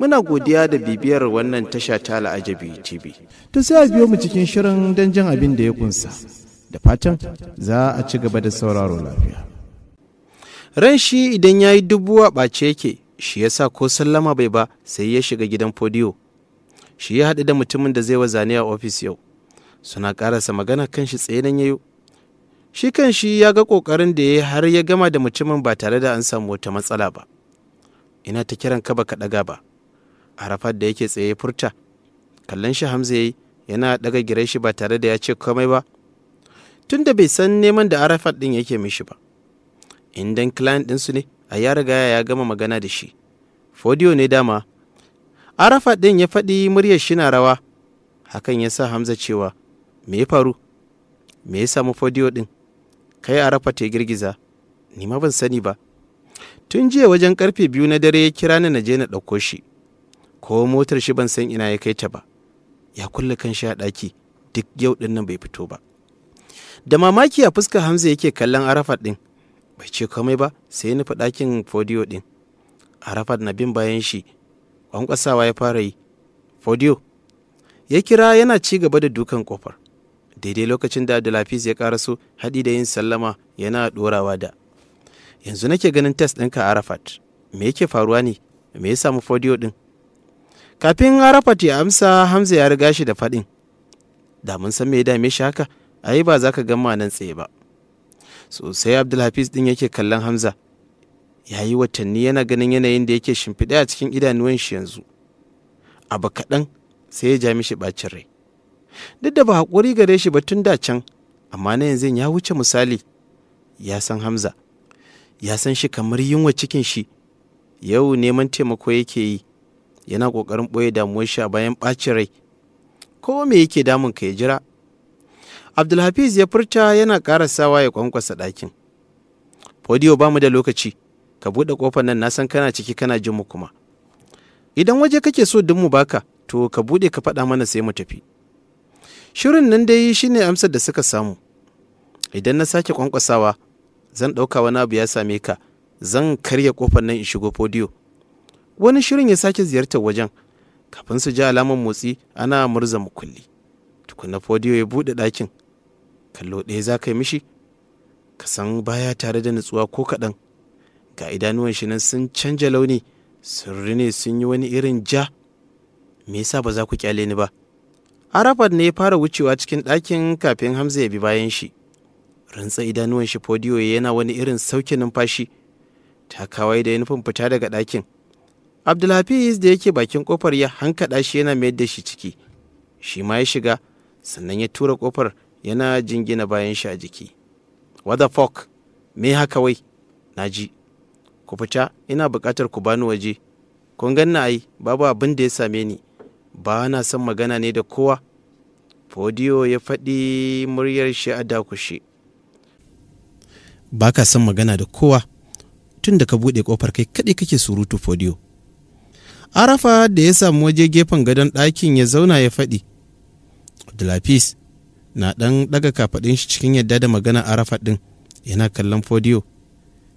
Muna godiya da bibiyar wannan tasha ta la'ajabi TV. To sai a biyo mu cikin shirin don jan abin da ya kunsa. Da fatan za a ci gaba da sauraro lafiya. Ran shi idan ya yi dubu a ɓace yake, shi ya sa ko sallama bai ba sai ya shiga gidan fodiyo. Shi ya haɗu da mutumin da zai wa zane a ofis yau. Suna ƙarasa magana kan shi tsaye nan yayo. Shi kan shi ya ga ƙoƙarin da ya yi har ya gama da mutumin ba tare da an samu wata matsala ba. Ina ta kiran ka baka ɗaga ba. arafat da yake tsaye furta kallon shi hamza yayi yana daga girai shi ba tare da ya ce komai ba Tunda bai san neman da arafat din yake mishi ba indan client din su ne a ya riga ya gama magana da shi fodiyo ne dama arafat din ya faɗi muryar shi na rawa hakan ya sa hamza cewa me ya faru me ya samu fodiyo din kai arafat ya girgiza ni ma ban sani ba tun jiya wajen karfe biyu na dare ya kira ni na je na ɗauko shi ko motar shi ban san ina ya kai ta ba ya kulle kan shi a ɗaki duk yau ɗin nan bai fito ba da mamaki a fuskar hamza yake kallon arafat ɗin bai ce komai ba sai nufi ɗakin fodiyo ɗin arafat na bin bayan shi kwankwasawa ya fara yi fodiyo ya kira yana ci gaba da dukan kofar daidai lokacin da abdulhafiz ya kara karaso haɗi da yin sallama yana ɗorawa da yanzu nake ganin test ɗinka arafat me yake faruwa ne me ya samu fodiyo ɗin kafin arafat ya amsa hamza ya riga shi da faɗin da mun san me ya dame shi haka ai ba za ka ga ma nan tsaye ba sosai abdulhafiz din yake kallon hamza ya yi watanni yana ganin yanayin da yake shimfiɗe a cikin idanuwan shi yanzu abu kaɗan sai ya ja mishi ɓacin rai duk da ba haƙuri gare shi ba tun da can amma na yanzu ya wuce misali ya san hamza ya san shi kamar yunwa cikin shi yau neman taimako yake yi yana ƙoƙarin ɓoye damuwar a bayan ɓacin rai ko me yake damun ka ya jira abdulhafiz ya furta yana ƙarasawa ya kwankwasa ɗakin fodiyo ba mu da lokaci ka buɗe ƙofar nan na san kana ciki kana jin mu kuma idan waje kake so dun mu baka to ka buɗe ka faɗa mana sai mu tafi shirin nan dai shine amsar da suka samu idan na sake kwankwasawa zan ɗauka wani abu ya same ka zan karya ƙofar nan in shigo fodiyo wani shirin ya sake ziyartar wajen kafin su ji alamar motsi ana murza mukulli tukuna fodiyo ya buɗe ɗakin kallo ɗaya za ka yi mishi ka san baya tare da nutsuwa ko kaɗan ga idanuwan shi nan sun canja launi sun rine sun yi wani irin ja me yasa ba za ku kyale ni ba arafat ne ya fara wucewa cikin ɗakin kafin hamza ya bi bayan shi rantsa idanuwan shi fodiyo yana wani irin sauke numfashi ta kawai da ya nufin fita daga ɗakin abdulhafiz da yake bakin kofar ya hankaɗa shi yana mayar da shi ciki shi ma ya shiga sannan ya tura kofar yana jingina bayan shi a jiki what fuck me haka wai na ji ku fita ina buƙatar ku bani waje kun gan na ai babu abin da ya same ni ba na son magana ne da kowa fodiyo ya faɗi muryar shi a dakushe ba ka son magana da kowa tun da ka buɗe kofar kai kaɗai kake surutu fodiyo arafa da ya samu waje gefen gadon ɗakin ya zauna ya faɗi abdulhafiz na ɗan ɗaga kafaɗin shi cikin yadda da magana arafa ɗin yana kallon fodiyo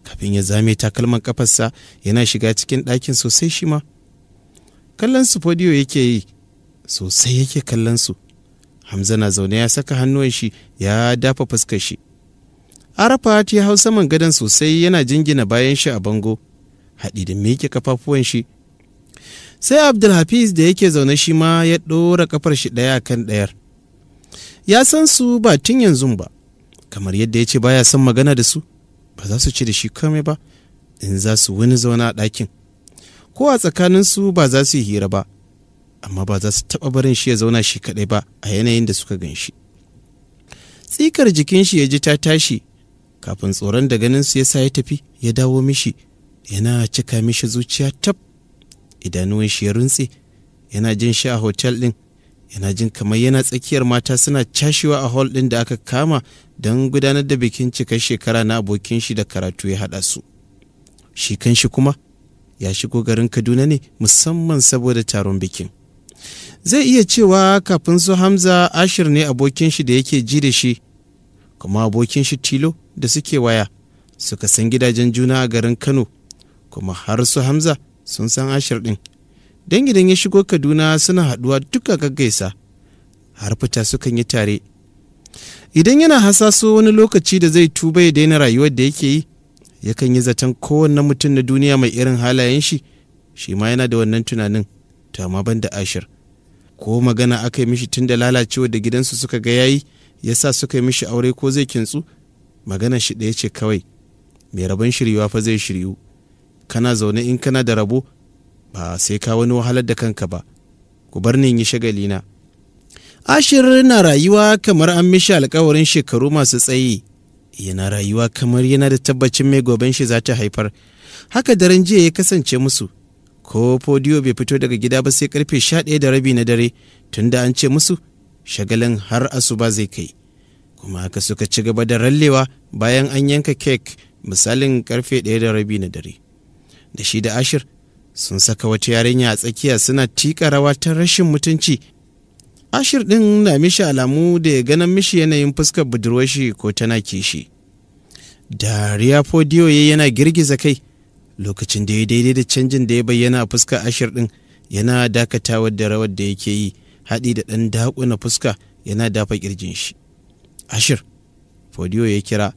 kafin ya zame takalman kafarsa yana shiga cikin ɗakin sosai shi ma kallon su fodiyo yake yi sosai yake kallon su hamza na zaune ya saka hannuwan shi ya dafa fuskar shi arafa ya hau saman gadon sosai yana jingina bayan shi a bango haɗi da miƙe kafafuwan shi sai abdulhafiz da yake zaune shi ma ya ɗora kafar shi ɗaya kan ɗayar ya san su ba tun yanzu ba kamar yadda ya ce baya son magana da su ba za su ci da shi komai ba in za su wani zauna a ɗakin ko a tsakanin su ba za su yi hira ba amma ba za su taɓa barin shi ya zauna shi kaɗai ba a yanayin da suka gan shi tsikar jikin shi ya ji ta tashi kafin tsoron da ganin su ya sa ya tafi ya dawo mishi yana cika mishi zuciya tab idanuwan shi ya runtse yana jin shi a hotel ɗin yana jin kamar yana tsakiyar mata suna cashewa a hall ɗin da aka kama don gudanar da bikin cikar shekara na abokin shi da karatu ya haɗa su shi kan shi kuma ya shigo garin kaduna ne musamman saboda taron bikin zai iya cewa kafin su hamza ashir ne abokin shi da yake ji da shi kuma abokin shi tilo da suke waya suka san gidajen juna a garin kano kuma har su hamza sun san ashir ɗin don gidan ya shigo kaduna suna haɗuwa duka gaggaisa har fita sukan yi tare idan yana hasaso wani lokaci da zai tuba ya daina rayuwar da yake yi yakan yi zaton kowanne mutum na duniya mai irin halayen shi shi ma yana da wannan tunanin ta ma ban da ashir ko magana aka yi mishi tun da lalacewa da gidansu suka ga yayi ya sa suka yi mishi aure ko zai kintsu magana shi ɗaya ce kawai mai rabon shiryuwa fa zai shiryu kana zaune in kana da rabo ba sai ka wani wahalar da kanka ba ku bar ni yi shagali na ashir na rayuwa kamar an mishi alkawarin shekaru masu tsayi yana rayuwa kamar yana da tabbacin mai goben shi za ta haifar haka daren jiya ya kasance musu ko fodiyo bai fito daga gida ba sai karfe sha ɗaya da rabi na dare tunda an ce musu shagalin har asuba zai kai kuma haka suka ci gaba da rallewa bayan an yanka kek misalin karfe ɗaya da rabi na dare da shi da ashir sun saka wata yarinya a tsakiya suna tika rawa ta rashin mutunci ashir ɗin na mishi alamu da ya ganin mishi yanayin fuskar budurwashi ko tana kishi dariya fodiyo ya yana girgiza kai lokacin da ya daidai da canjin da ya bayyana a fuskar ashir ɗin yana dakatawa da rawar da yake yi haɗi da ɗan dakuna fuska yana dafa ƙirjin shi ashir fodiyo ya kira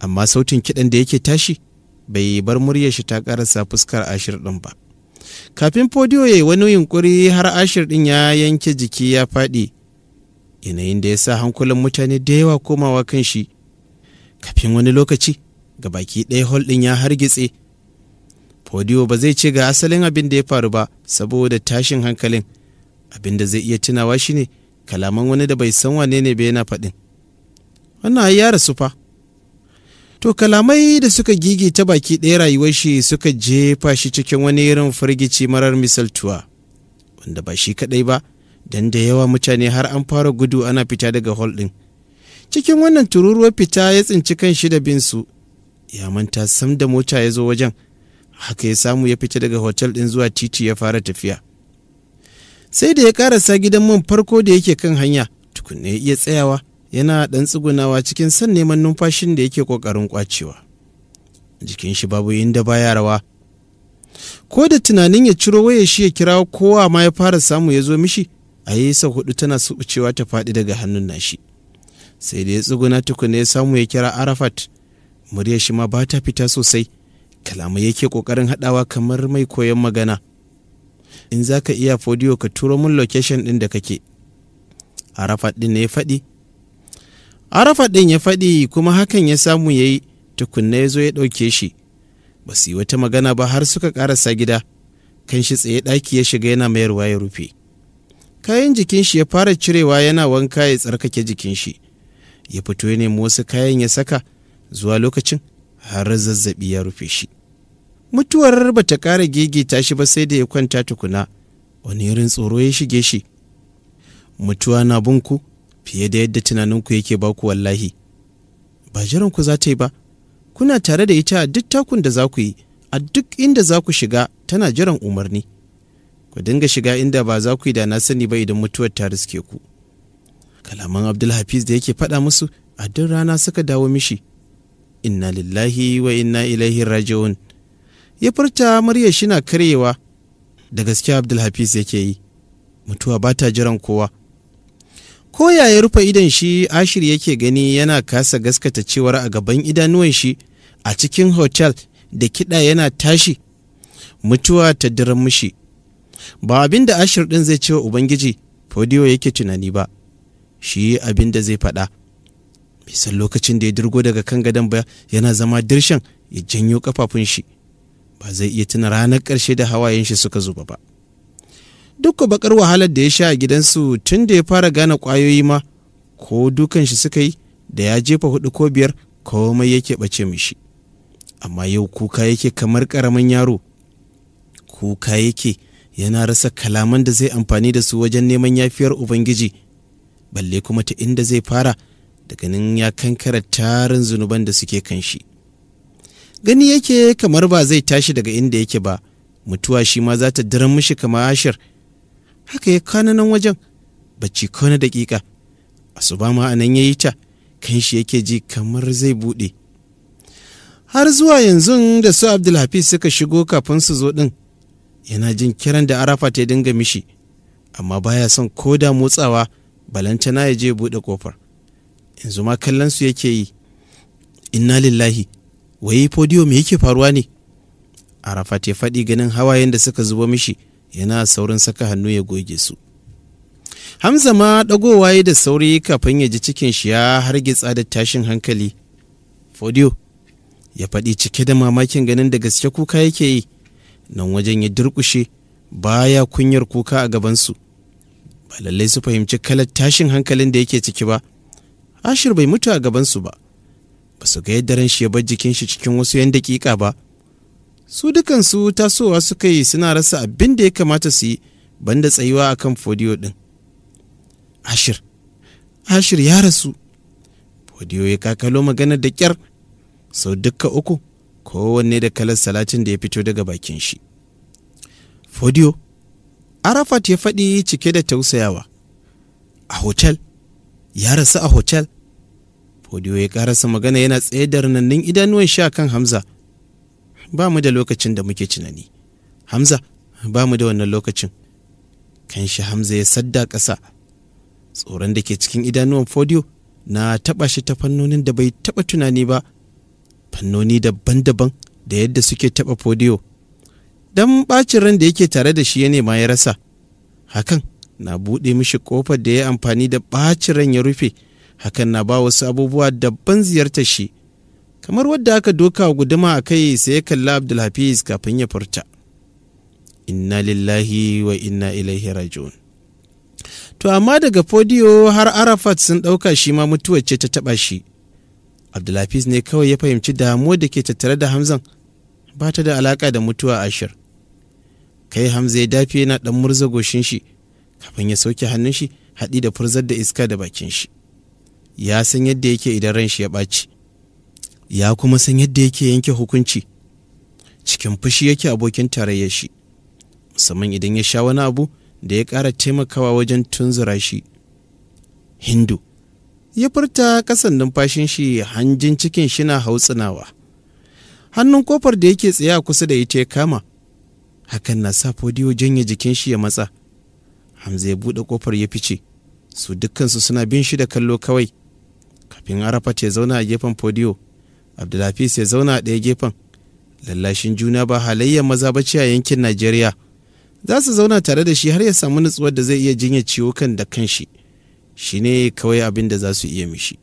amma sautin kiɗan da yake tashi bai bar muryar shi ta karasa fuskar ashir din ba kafin fodiyo ya yi wani yunkuri har ashir din ya yanke jiki ya faɗi yanayin da ya sa hankulan mutane da yawa komawa kan shi kafin wani lokaci ga baki ɗaya hol ɗin ya hargitse fodiyo ba zai ce ga asalin abin da ya faru ba saboda tashin hankalin abin da zai iya tunawa shine kalaman wani da bai san wane ne ba yana faɗin wannan ya rasu fa To kalamai da suka ta baki ɗaya rayuwar shi suka jefa shi cikin wani irin firgici marar misaltuwa, wanda ba shi kaɗai ba, don da yawa mutane har an fara gudu ana fita daga hol ɗin. Cikin wannan tururuwar fita ya tsinci kan shi da bin su, ya manta sam da mota ya zo wajen, haka ya samu ya fita daga hotel ɗin zuwa titi ya fara tafiya. Sai da ya ƙarasa gidan man farko da yake kan hanya, tukunna ya iya tsayawa. yana ɗan tsugunawa cikin son neman numfashin da yake ƙoƙarin ƙwacewa jikin shi babu inda baya rawa ko da tunanin ya ciro waya shi ya kira kowa ma ya fara samu ya zo mishi a yi sa hudu tana cewa ta faɗi daga hannun nashi sai da ya tsuguna tukuna ya samu ya kira arafat murya shi ma ba ta fita sosai kalamai yake ƙoƙarin haɗawa kamar mai koyon magana in za ka iya fodiyo ka turo min location ɗin da kake arafat ɗin ne ya faɗi arafa ɗin ya faɗi kuma hakan ya samu ya yi tukunna ya zo ya ɗauke shi ba su yi wata magana ba har suka ƙarasa gida kan shi tsaye ɗaki ya shiga yana mayarwa ya rufe kayan jikin shi ya fara cirewa yana wanka ya tsarkake jikin shi ya fito ya nemi wasu kayan ya saka zuwa lokacin har zazzabi ya rufe shi mutuwar ba ta ƙara gegeta shi ba sai da ya kwanta tukuna wani irin tsoro ya shige shi mutuwa na bunku fiye da yadda tunaninku yake baku wallahi ba jiranku za ta yi ba kuna tare da ita a duk takun da za ku yi a duk inda za ku shiga tana jiran umarni ku dinga shiga inda ba za ku yi da na sani ba idan mutuwar ta riske ku kalaman abdulhafiz da yake faɗa musu a duk rana suka dawo mishi inna lillahi wa inna ilaihi raji'un ya furta murya shina karyewa da gaskiya abdulhafiz yake yi mutuwa ba ta jiran kowa ko ya rufe idon shi ashir yake gani yana kasa gaskata cewar a gaban idanuwan shi a cikin hotel da kiɗa yana tashi mutuwa ta diran mushi ba abin da ashir ɗin zai cewa ubangiji fodiyo yake tunani ba shi abin da zai faɗa bisan lokacin da ya dirgo daga kan gadon ba yana zama dirshan ya janyo kafafun shi ba zai iya tuna ranar ƙarshe da hawayen shi suka zuba ba. Dukka bakar wahalar da ya sha a gidansu tun da ya fara gane kwayoyi ma ko dukan shi suka yi da ya jefa hudu ko biyar komai yake bace mishi amma yau kuka yake kamar karamin yaro kuka yake yana rasa kalaman da zai amfani da su wajen neman yafiyar ubangiji balle kuma ta inda zai fara da ganin ya kankara tarin zunuban da suke kan shi gani yake kamar ba zai tashi daga inda yake ba mutuwa shi ma za ta daren mishi kamar ashir haka ya kana nan wajen bacci ko na daƙiƙa asuba ma anan ya ta kan shi yake ji kamar zai buɗe har zuwa yanzu da su abdulhafiz suka shigo kafin su zo ɗin yana jin kiran da arafa ta dinga mishi amma baya son ko da motsawa balantana ya je buɗe kofar yanzu ma kallon su yake yi inna lillahi wai podiyo me yake faruwa ne arafat ya faɗi ganin hawayen da suka zubo mishi yana saurin saka hannu ya goge su hamza ma ɗagowa ya da sauri kafin ya ji cikin shi ya harge da tashin hankali Fodio, ya faɗi cike da mamakin ganin da gaske kuka yake yi nan wajen ya durƙushe baya kunyar kuka a gabansu ba lallai su fahimci kalar tashin hankalin da yake ciki ba ashir bai mutu a gabansu ba ba su ga yadda ran shi ya bar jikin shi cikin wasu yan daƙiƙa ba su dukansu tasowa suka yi suna rasa abin da ya kamata su yi banda tsayuwa a kan fodiyo ɗin. ashir ashir ya rasu fodiyo ya kakalo maganar da kyar sau duka uku kowanne da kalar salatin da ya fito daga bakin shi fodiyo arafat ya faɗi cike da tausayawa a hotel ya rasu a hotel fodiyo ya karasa magana yana tsaye da ranannin idanuwan shi kan hamza ba mu da lokacin da muke tunani hamza ba mu da wannan lokacin kan shi hamza ya sadda ƙasa tsoron da ke cikin idanuwan fodiyo na taɓa shi ta fannonin da bai taɓa tunani ba fannoni daban-daban da yadda suke taɓa fodiyo don ɓacin ran da yake tare da shi ya nema ya rasa hakan na buɗe mishi ƙofar da ya amfani da ɓacin ran ya rufe hakan na ba wasu abubuwa daban ziyartar shi kamar wadda aka doka guduma a kai sai ya kalla abdulhafiz kafin ya furta inna lillahi wa inna ilaihi raji'un to amma daga fodiyo har arafat sun ɗauka shi ma mutuwar ce ta taba shi abdulhafiz ne kawai ya fahimci damuwar da ke tattare da hamzan ba ta da alaka da mutuwa ashir kai hamza ya dafi yana ɗan murza goshin shi kafin ya sauke hannun shi haɗi da furzar da iska da bakin shi ya san yadda yake idan ran shi ya ɓaci ya kuma san yadda yake yanke hukunci cikin fushi yake abokin tarayyar shi musamman idan ya sha wani abu da ya ƙara taimakawa wajen tunzura shi hindu ya furta kasan numfashin shi hanjin cikin shi na hautsinawa hannun kofar da yake tsaye a kusa da ita ya kama hakan na sa fodiyo janye jikin shi ya matsa hamza ya buɗe kofar ya fice su dukkansu suna bin shi da kallo kawai kafin arafat ya zauna a gefen fodiyo abdulhafiz ya zauna a ɗaya gefen lallashin juna ba halayyar maza ba a yankin najeriya za su zauna tare da shi har ya samu nutsuwar da zai iya jinya ciwo kan da kanshi shi ne kawai abin da za su iya mishi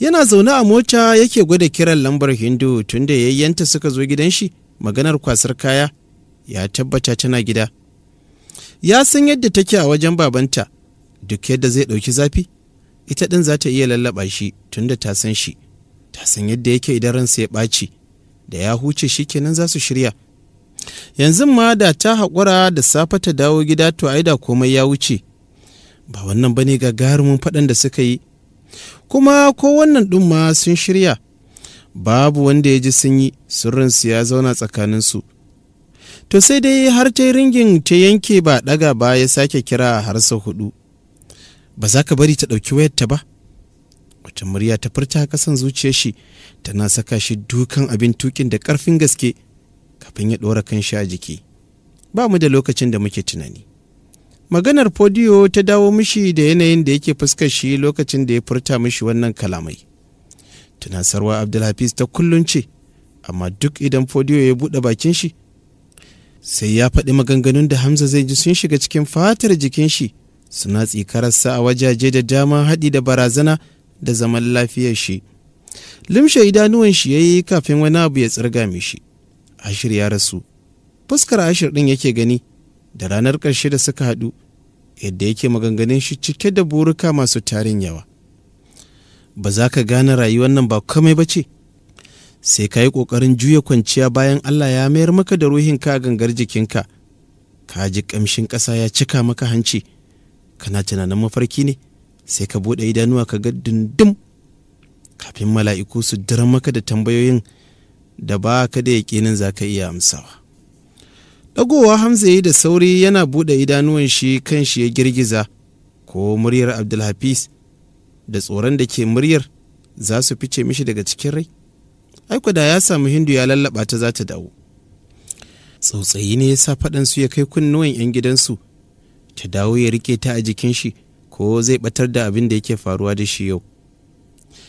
yana zaune a mota yake gwada kiran lambar hindu tun da yayyanta suka zo gidan shi maganar kwasar kaya ya tabbata tana gida ya san yadda take a wajen babanta duk yadda zai ɗauki zafi ita ɗin za ta iya lallaɓa shi tun da ta san shi san yadda yake idan ransa ya ɓaci da ya huce shi kenan za su shirya yanzu ma da ta haƙura da safe ta dawo gida to ai da komai ya wuce ba wannan bane gagarumin faɗan da suka yi kuma ko wannan ɗin ma sun shirya babu wanda ya ji sun yi surrinsu ya zauna tsakaninsu to sai dai har ta ringin ta yanke ba ɗaga ba ya sake kira har sau hudu ba za ka bari ta ɗauki wayarta ba wata murya ta furta kasan zuciyar shi tana saka shi dukan abin tukin da karfin gaske kafin ya ɗora kan a jiki ba mu da lokacin da muke tunani maganar podiyo ta dawo mishi da yanayin da yake fuskar shi lokacin da ya furta mishi wannan kalamai tunasarwa abdulhafiz ta kullum ce amma duk idan podiyo ya buɗe bakin shi sai ya faɗi maganganun da hamza zai ji sun shiga cikin fatar jikin shi suna tsikararsa a wajaje da dama haɗi da barazana da zaman lafiyar shi limshe idanuwan shi ya yi kafin wani abu ya tsirga mishi ashir ya rasu fuskar ashir ɗin yake gani da ranar ƙarshe da suka haɗu yadda yake maganganun shi cike da burika masu tarin yawa ba za ka gane rayuwar nan ba komai ba ce sai ka yi ƙoƙarin juya kwanciya bayan allah ya mayar maka da ruhinka a gangar jikinka ka ji ƙamshin ƙasa ya cika maka hanci kana tunanin mafarki ne sai ka buɗe idanuwa ka ga dundum kafin mala'iku su daren maka da tambayoyin da ba ka da nan za ka iya amsawa ɗagowa hamza yi da sauri yana buɗe idanuwan shi kan shi ya girgiza ko muryar abdulhafiz da tsoron da ke muryar za su fice mishi daga cikin rai aiko da ya samu hindu ya lallaba ta za ta dawo tsautsayi ne ya sa faɗansu ya kai kunnuwan 'yan gidansu ta dawo ya rike ta a jikin shi ko zai batar da abin da yake faruwa da shi yau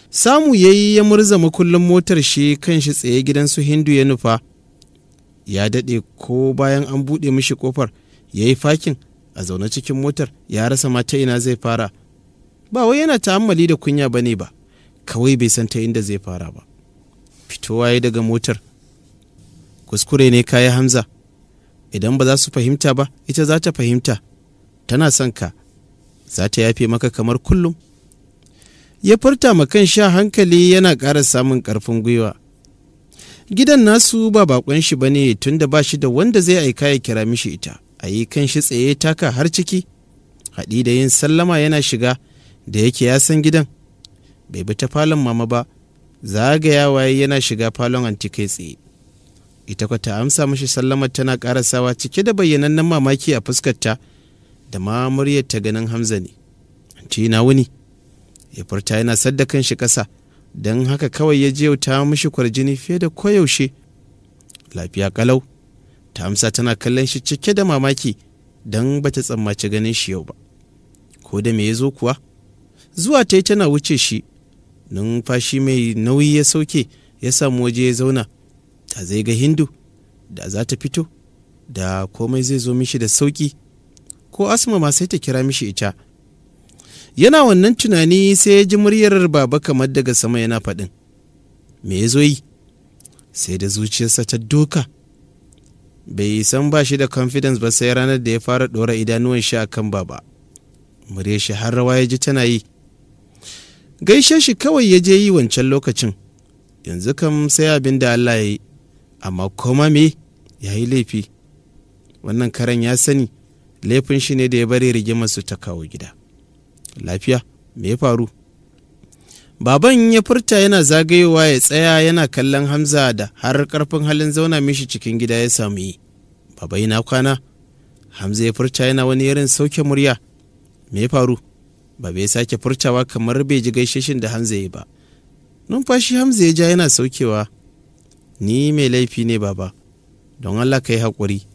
samu ya yi ya murza makullin motar shi kan shi tsaye gidan su hindu ya nufa ya daɗe ko bayan an buɗe mishi kofar ya yi fakin a zaune cikin motar ya rasa mata ina zai fara ba wai yana ta'ammali da kunya ba ne ba kawai bai san ta inda zai fara ba fitowa ya daga motar kuskure ne kayi hamza idan ba za su fahimta ba ita za ta fahimta tana son ka za ta yafe maka kamar kullum ya furta ma kan sha hankali yana ƙara samun ƙarfin gwiwa gidan nasu ba baƙon shi ba ne tun da ba shi da wanda zai aika ya kira mishi ita a yi kan shi tsaye taka har ciki haɗi da yin sallama yana shiga da yake ya san gidan bai bi ta falon mama ba waye yana shiga falon anti kai tsaye ita kwa ta amsa mishi sallamar tana ƙarasawa cike da bayyanannen mamaki a fuskarta ta da ma muryar ta ganin hamza ne ce na wuni ya furta yana saddakan shi ƙasa don haka kawai ya ta mishi kwarjini fiye da koyaushe lafiya kalau ta amsa tana kallon shi cike da mamaki don ba ta tsammaci ganin shi yau ba ko da me ya zo kuwa zuwa ta yi tana wuce shi numfashi mai nauyi ya sauke ya samu waje ya zauna ta zai ga hindu da za ta fito da komai zai zo mishi da sauki ko asma ma sai ta kira mishi ita yana wannan tunani sai ya ji muryar baba kamar daga sama yana faɗin me ya zo yi sai da zuciyarsa ta doka bai san ba shi da confidence ba sai ranar da ya fara ɗora idanuwan shi kan baba muryar shi har rawa ya ji tana yi gaishe shi kawai ya je yi wancan lokacin yanzu kam sai abin da allah ya yi amma koma me ya yi laifi wannan karen ya sani laifin shi ne da ya bari rigimar su ta kawo gida lafiya me ya faru baban ya furta yana zagayowa ya tsaya yana kallon hamza da har karfin halin zauna mishi cikin gida ya samu yi baba ina kwana hamza ya furta yana wani irin sauke murya me ya faru baba ya sake furtawa kamar bai ji gaishe shin da hamza ya ba numfashi hamza ya ja yana saukewa ni mai laifi ne baba don allah ka yi haƙuri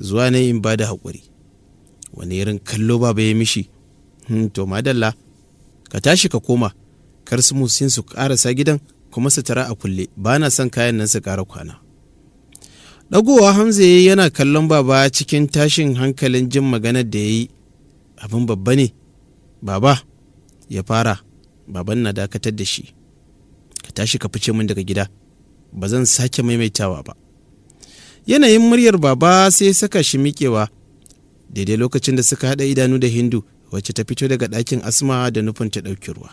zuwa ne in ba da haƙuri wani irin kallo baba ya mishi hmm, to madalla ka tashi ka koma kar su musin su karasa gidan kuma su tara a kulle ba na son kayan nan su kara kwana ɗagowa hamza ya yana kallon baba cikin tashin hankalin jin maganar da ya yi abin babba ne baba ya fara baban na dakatar da shi ka tashi ka fice min daga gida ba zan sake maimaitawa ba yanayin muryar baba sai saka shi miƙewa daidai lokacin da suka haɗa idanu da hindu wacce ta fito daga ɗakin asma da nufin ta ɗauki ruwa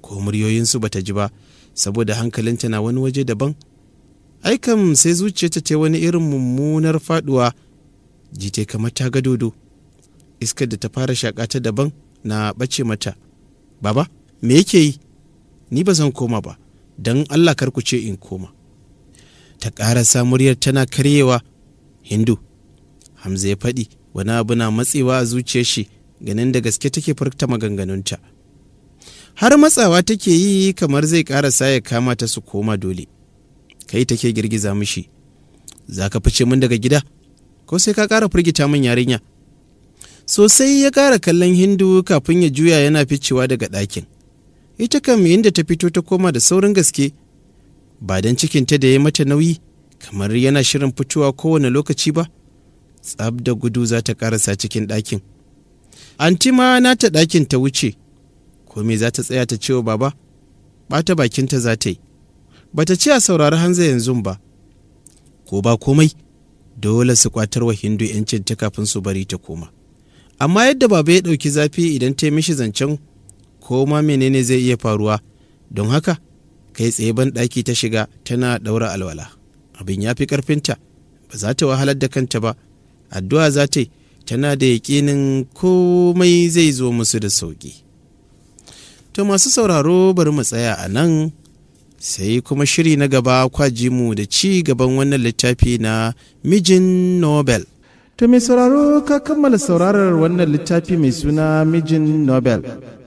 ko muryoyinsu ba ta ji ba saboda hankalinta na wani waje daban aikam sai zuciyarta ce wani irin mummunar faduwa jite kamar ta ga dodo iskar da ta fara shaƙa ta daban na bace mata baba me yake yi ni ba zan koma ba don allah kar ku ce in koma ta ƙarasa muryar tana karyewa hindu hamza ya faɗi wani abu na matsewa a zuciyar shi ganin da gaske take furta maganganunta har matsawa take yi kamar zai karasa ya kama ta su koma dole kai take girgiza mishi za ka fice min daga gida ko sai ka kara firgita min yarinya sosai ya kara kallon hindu kafin ya juya yana ficewa daga ɗakin ita kam inda ta fito ta koma da saurin gaske ba don cikinta da ya mata nauyi kamar yana shirin fitowa kowane lokaci ba tsab da gudu za ta karasa cikin ɗakin anti ma na ta ɗakin ta wuce komai za ta tsaya ta ce wa baba ɓata bakinta za ta yi ba ta ce a saurari hanza yanzu ba ko ba komai dole su kwatar wa hindu yancin ta kafin su bari ta koma amma yadda baba ya ɗauki zafi idan ta yi mishi zancen ko menene zai iya faruwa don haka kai tsaye ban ɗaki ta shiga tana ɗaura alwala abin ya fi ƙarfinta ba za ta wahalar da kanta ba addu'a za ta yi tana da yaƙinin komai zai zo musu da sauƙi to masu sauraro bari mu tsaya a nan sai kuma shiri na gaba kwaji mu da ci gaban wannan littafi na mijin nobel to mai sauraro ka kammala saurarar wannan littafi mai suna mijin nobel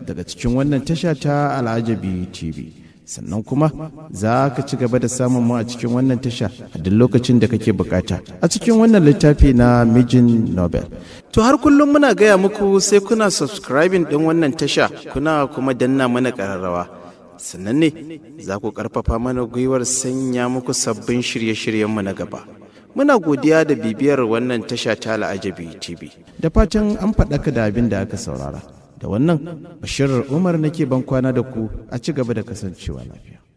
daga cikin wannan tasha ta al'ajabi tv sannan kuma za ka ci gaba da samun mu a cikin wannan tasha a duk lokacin da kake bukata a cikin wannan littafi na mijin nobel to har kullum muna gaya muku sai kuna subscribing din wannan tasha kuna kuma danna mana kararrawa sannan ne za ku karfafa mana gwiwar sanya muku sabbin shirye-shiryenmu na gaba muna godiya da bibiyar wannan tasha ta la'ajabi tv da fatan an faɗaka da abin da aka saurara da wannan bashirar umar nake ban kwana da ku a ci gaba da kasancewa lafiya